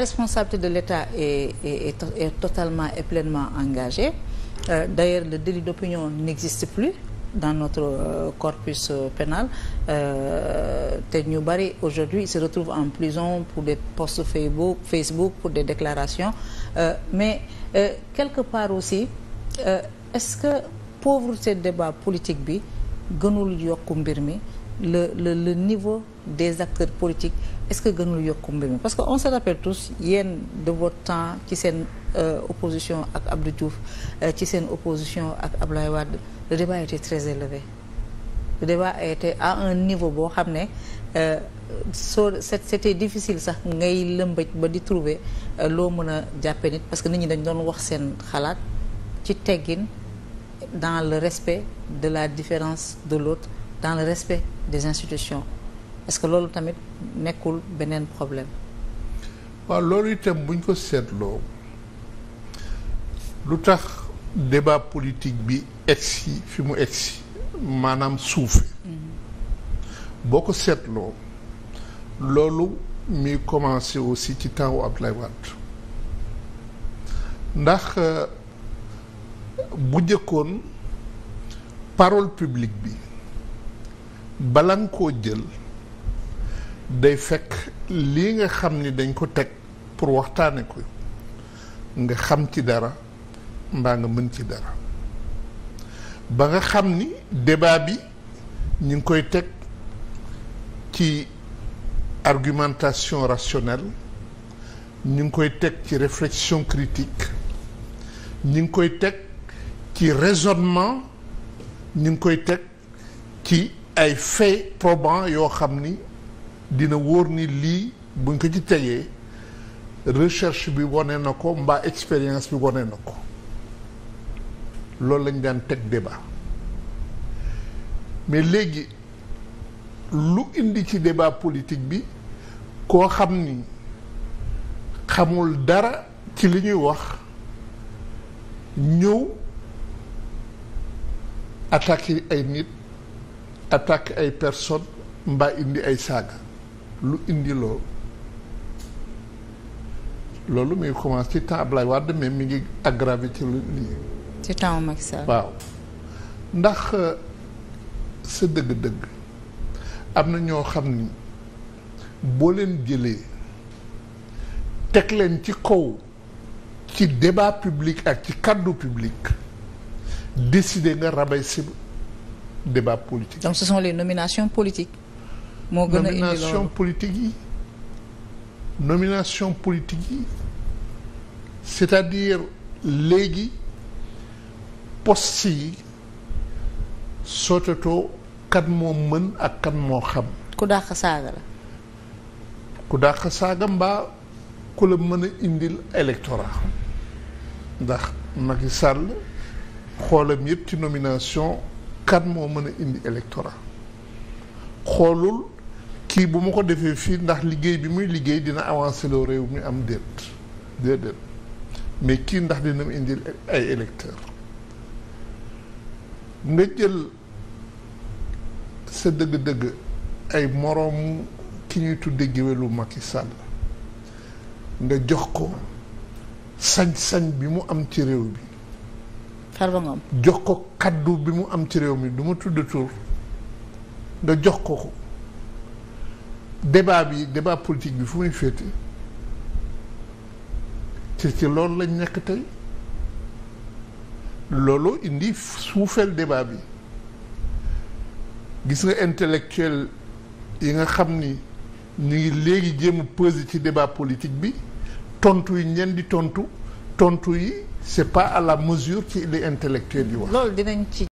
responsabilité de l'État est, est, est totalement et pleinement engagée. Euh, D'ailleurs, le délit d'opinion n'existe plus dans notre euh, corpus euh, pénal. Euh, Ted Newberry, aujourd'hui, se retrouve en prison pour des posts Facebook, Facebook pour des déclarations. Euh, mais euh, quelque part aussi, est-ce que pauvreté débat politique bi gënul yokk mbir mi le le le niveau des acteurs politiques est-ce que gënul yokku mbir parce que on se rappelle tous yéen de votre temps ci seen euh, opposition ak Abdou Diouf euh, ci seen opposition ak Abdoulaye Wade le débat était très élevé le débat était à un niveau boo xam ne euh, soo c'était difficile sax ngay lëmbëj ba di trouver loo mën a jàppe nit parce que nit ñi dañ doon wax seen xalaat ci teggin dans le respect de la différence de l'autre dans le respect des institutions est que loolu tamit nekkul beneen problème. waaw loolu itam buñ ko seetloo lu tax débat politique bi egsi fi mu egsi maanaam suufe mm-hmm. boo ko seetloo loolu muy commencé aussi ci temps wu Abdoulaye Wade ndax euh, bu njëkkoon parole publique bi. bala nga koo jël day fekk lii nga xam ni dañ ko teg pour waxtaane ko nga xam ci dara mbaa nga mën ci dara ba nga xam ni débat bi ñu ngi koy teg ci argumentation rationnelle ñu ngi koy teg ci réflexion critique ñu ngi koy teg ci raisonnement ñu ngi koy teg ci ay fait probant yoo xam ni dina wóor ni lii buñ ko ci tegee recherche bi wane na ko mbaa expérience bi wane na ko loolu lañ daan teg débat mais léegi lu indi ci débat politique bi koo xam ni xamul dara ci li ñuy wax ñëw attaquer ay nit attaque ay personnes mbaa indi ay saaga lu indi loolu loolu mi ngi ci temps Ablaye Wade mais mi ngi aggravé ci lu lii. waaw ndax euh, sa dëgg-dëgg am na ñoo xam ni boo leen jëlee teg leen ci kaw ci débat public ak ci kàddu public décider nga rabay si. débat politique. donc ce sont les nominations politiques. politique yi nomination politique yi c'est-à-dire léegi poste yi sootatoo kan moo mën ak kan moo xam. ku dàq saaga la. ku dàq saaga mbaa ku la mën a indil électorat ndax Macky Sall xoolam yëpp ci nomination. kat moo mën a indi électorat xoolul kii bu ma ko defee fii ndax liggéey bi muy liggéey dina avancé loo réew mi am déet déedéet mais kii ndax dina mu indil ay électeur nga jël sa dëgg-dëgg ay moroom ki ñuy tudde géwélu Macky Sall nga jox ko sañ-sañ bi mu am ci réew bi Farba Ngom jox ko kaddu bi mu am ci réew mi duma tudd tur nga jox ko ko débat bi débat politique bi fu muy féete ci ci loolu lañ nekk tey loolu indi suufeel débat bi gis nga intellectuel yi nga xam ni ñu ngi léegi jéem a ci débat politique bi tontu yi ñeen di tontu. tontu yi c'est pas à la mesure ci les intellectuels